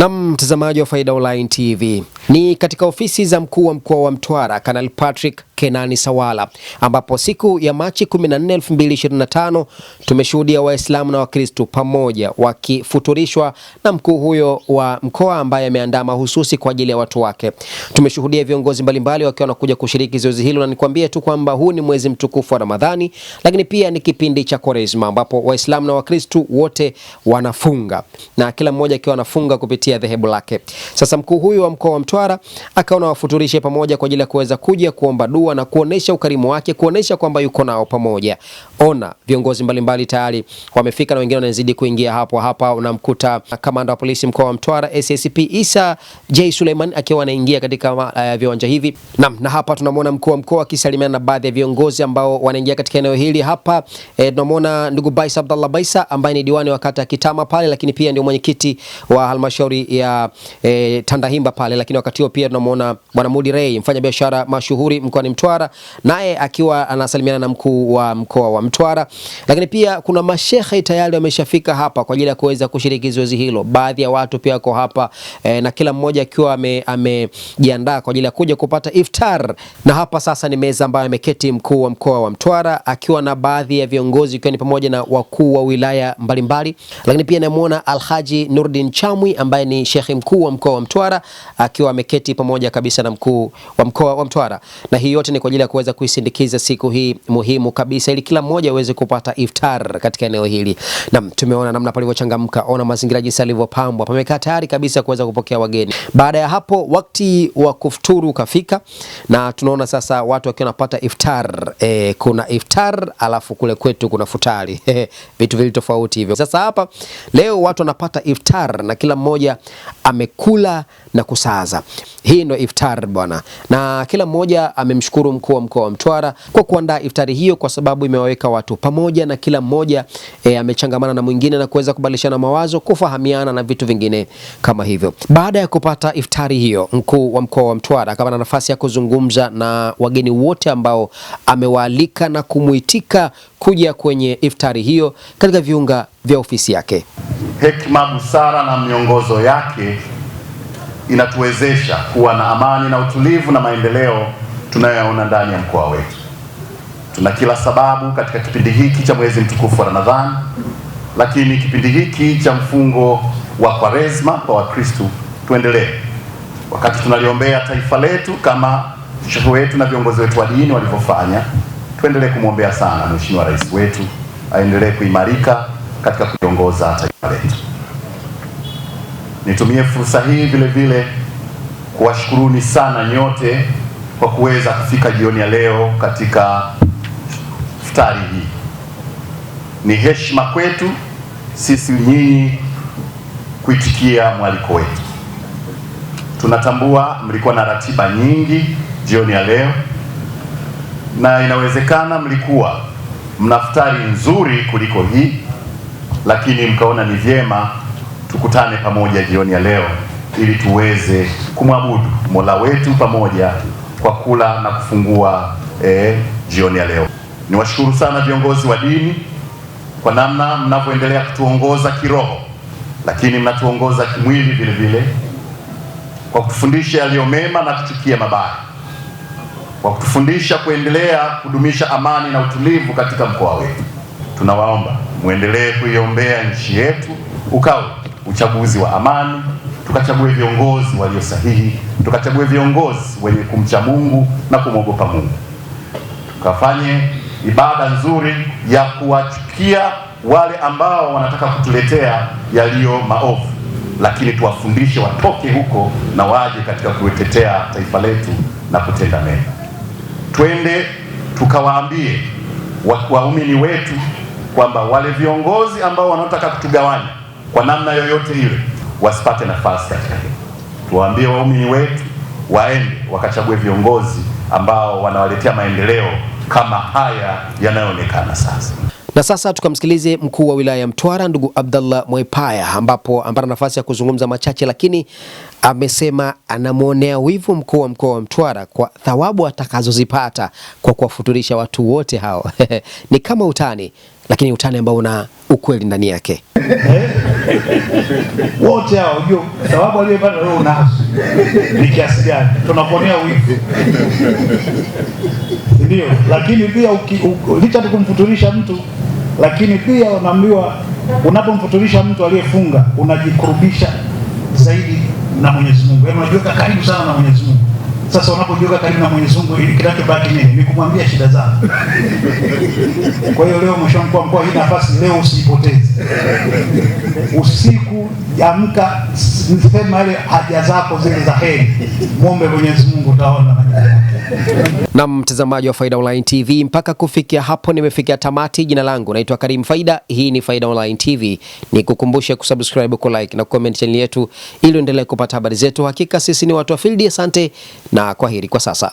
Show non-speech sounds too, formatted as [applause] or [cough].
Na mtazamaji wa Faida Online TV, ni katika ofisi za mkuu wa mkoa wa Mtwara Kanali Patrick Kenani Sawala, ambapo siku ya Machi 14, 2025 tumeshuhudia Waislamu na Wakristu pamoja wakifuturishwa na mkuu huyo wa mkoa ambaye ameandaa mahususi kwa ajili ya watu wake. Tumeshuhudia viongozi mbalimbali wakiwa wanakuja kushiriki zoezi hilo, na nikwambie tu kwamba huu ni mwezi mtukufu wa Ramadhani, lakini pia ni kipindi cha Kwaresma ambapo Waislamu na Wakristu wote wanafunga na kila mmoja akiwa anafunga kupitia dhehebu lake. Sasa mkuu huyu wa mkoa wa Mtwara akaona wafuturishe pamoja kwa ajili ya kuweza kuja kuomba dua na kuonesha ukarimu wake, kuonesha kwamba yuko nao pamoja ona viongozi mbalimbali tayari wamefika na wengine wanazidi kuingia hapo hapa. Unamkuta kamanda wa polisi mkoa wa Mtwara SSP Isa J Suleiman akiwa anaingia katika uh, viwanja hivi na, na hapa tunamwona mkuu wa mkoa akisalimiana na baadhi ya viongozi ambao wanaingia katika eneo hili hapa. E, tunamwona ndugu Bais Abdallah Baisa ambaye ni diwani wa kata Kitama pale, lakini pia ndio mwenyekiti wa halmashauri ya e, Tandahimba pale, lakini wakati huo pia tunamwona bwana Mudi Rei mfanyabiashara mashuhuri mkoani Mtwara naye akiwa anasalimiana na mkuu wa mkoa wa Mtwara, lakini pia kuna mashehe tayari wameshafika hapa kwa ajili ya kuweza kushiriki zoezi hilo. Baadhi ya watu pia wako hapa e, na kila mmoja akiwa amejiandaa ame kwa ajili ya kuja kupata iftar. Na hapa sasa ni meza ambayo ameketi mkuu wa mkoa wa Mtwara akiwa na baadhi ya viongozi ikiwa ni pamoja na wakuu wa wilaya mbalimbali, lakini pia namuona Alhaji Nurdin Chamwi ambaye ni shekhe mkuu wa mkoa wa Mtwara akiwa ameketi pamoja kabisa na mkuu wa mkoa wa Mtwara, na hii yote ni kwa ajili ya kuweza kuisindikiza siku hii muhimu kabisa ili kila mmoja moja uweze kupata iftar katika eneo hili. Naam, tumeona namna palivyochangamka, ona mazingira jinsi yalivyopambwa, pamekaa tayari kabisa kuweza kupokea wageni. Baada ya hapo, wakati wa kufuturu ukafika, na tunaona sasa watu wakiwa wanapata iftar. E, kuna iftar alafu kule kwetu kuna futari [laughs] vitu vili tofauti hivyo. Sasa hapa leo watu wanapata iftar na kila mmoja amekula na kusaza. Hii ndio iftar bwana, na kila mmoja amemshukuru mkuu wa mkoa wa Mtwara kwa kuandaa iftari hiyo kwa sababu imewaweka kuwaweka watu pamoja na kila mmoja e, amechangamana na mwingine na kuweza kubadilishana mawazo, kufahamiana na vitu vingine kama hivyo. Baada ya kupata iftari hiyo, mkuu wa mkoa wa Mtwara akawa na nafasi ya kuzungumza na wageni wote ambao amewaalika na kumuitika kuja kwenye iftari hiyo katika viunga vya ofisi yake. Hekima, busara na miongozo yake inatuwezesha kuwa na amani na utulivu na maendeleo tunayoyaona ndani ya mkoa wetu. Tuna kila sababu katika kipindi hiki cha mwezi mtukufu wa Ramadhani, lakini kipindi hiki cha mfungo wa Kwaresma kwa Wakristo tuendelee, wakati tunaliombea taifa letu kama shehe wetu na viongozi wetu wa dini walivyofanya, tuendelee kumwombea sana Mheshimiwa Rais wetu aendelee kuimarika katika kuiongoza taifa letu. Nitumie fursa hii vile vile kuwashukuruni sana nyote kwa kuweza kufika jioni ya leo katika mstari hii. Ni heshima kwetu sisi nyinyi kuitikia mwaliko wetu. Tunatambua mlikuwa na ratiba nyingi jioni ya leo, na inawezekana mlikuwa mnaftari nzuri kuliko hii, lakini mkaona ni vyema tukutane pamoja jioni ya leo ili tuweze kumwabudu Mola wetu pamoja kwa kula na kufungua eh, jioni ya leo. Niwashukuru sana viongozi wa dini kwa namna mnavyoendelea kutuongoza kiroho, lakini mnatuongoza kimwili vile vile kwa kutufundisha yaliyo mema na kuchukia mabaya, kwa kutufundisha kuendelea kudumisha amani na utulivu katika mkoa wetu. Tunawaomba muendelee kuiombea nchi yetu, ukawe uchaguzi wa amani, tukachague viongozi walio sahihi, tukachague viongozi wenye kumcha Mungu na kumwogopa Mungu, tukafanye ibada nzuri ya kuwachukia wale ambao wanataka kutuletea yaliyo maovu, lakini tuwafundishe watoke huko na waje katika kutetea taifa letu na kutenda mema. Twende tukawaambie waumini wetu kwamba wale viongozi ambao wanaotaka kutugawanya kwa namna yoyote ile wasipate nafasi katika hili. Tuwaambie waumini wetu waende wakachague viongozi ambao wanawaletea maendeleo kama haya yanayoonekana sasa. Na sasa tukamsikilize mkuu wa wilaya ya Mtwara ndugu Abdallah Mwaipaya, ambapo amepata nafasi ya kuzungumza machache, lakini amesema anamwonea wivu mkuu wa mkoa wa Mtwara kwa thawabu atakazozipata kwa kuwafuturisha watu wote hao [laughs] ni kama utani, lakini utani ambao una ukweli ndani yake [laughs] wote hao. Unajua thawabu aliyopata wewe unazo ni kiasi gani? Tunakuonea wivu ndio. Lakini pia licha tukumfuturisha mtu, lakini pia unaambiwa unapomfuturisha mtu aliyefunga unajikurubisha zaidi na Mwenyezi Mungu, yaani unajiweka karibu sana na Mwenyezi Mungu. Sasa unapojiweka karibu na Mwenyezi Mungu, ili kinachobaki nini? Ni kumwambia shida zako. Kwa hiyo leo mheshimiwa mkuu wa mkoa, hii nafasi leo usiipoteze. Usiku amka, nisema ile haja zako zile za heri, muombe Mwenyezi Mungu, utaona na mtazamaji wa Faida Online TV, mpaka kufikia hapo nimefikia tamati. Jina langu naitwa Karim Faida, hii ni Faida Online TV. Nikukumbushe kusubscribe, ku like na comment channel yetu, ili uendelee kupata habari zetu. Hakika sisi ni watu wa field. Asante na na kwaheri kwa sasa.